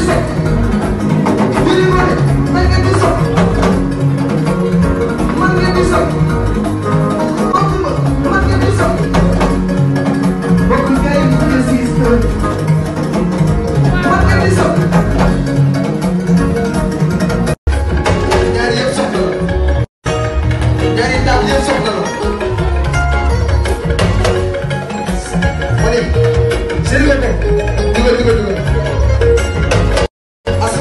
2017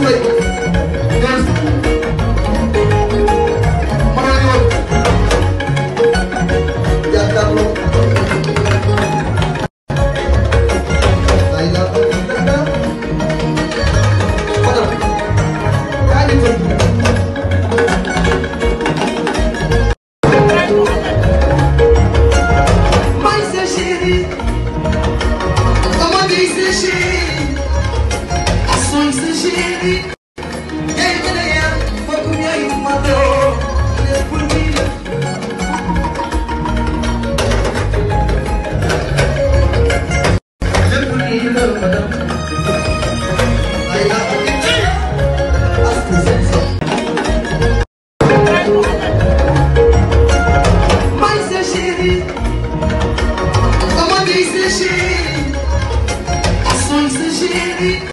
lay Chérie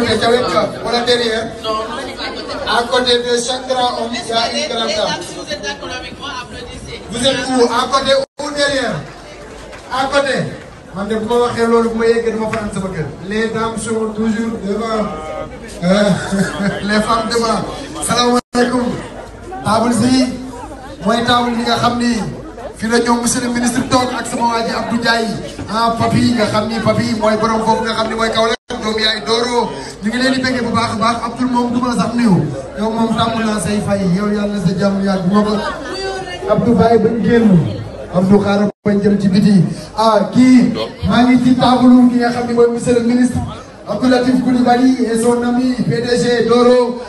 côté, ca wet ga wala derrière. à côté de chaque grand homme, il y a une grande dame. vous êtes où à côté ou derrière. à côté. man de bu ma waxee loolu bu ma yeggee dama fanaan sama kër. les dames sont toujours devant. Euh, les femmes devant. salaamaaleykum. table si mooy table bi nga xam ni. fii la ñoom monsieur le ministre toog ak sama waa ji Abdou Ndiaye ah papi nga xam ni papi mooy borom foofu nga xam ni mooy kaw doom yaay dooro ñu ngi leen di bëggee bu baax a baax Abdoul moom du ma sax nuyu yow moom tàmm naa say yow yàlla sa jàmm yàgg ma ko Abdou Baye bañ génn ci biti ah kii maa ngi ci taabalu ki nga xam ne mooy monsieur le ministre Abdou Latif Coulibaly et son ami PDG Doro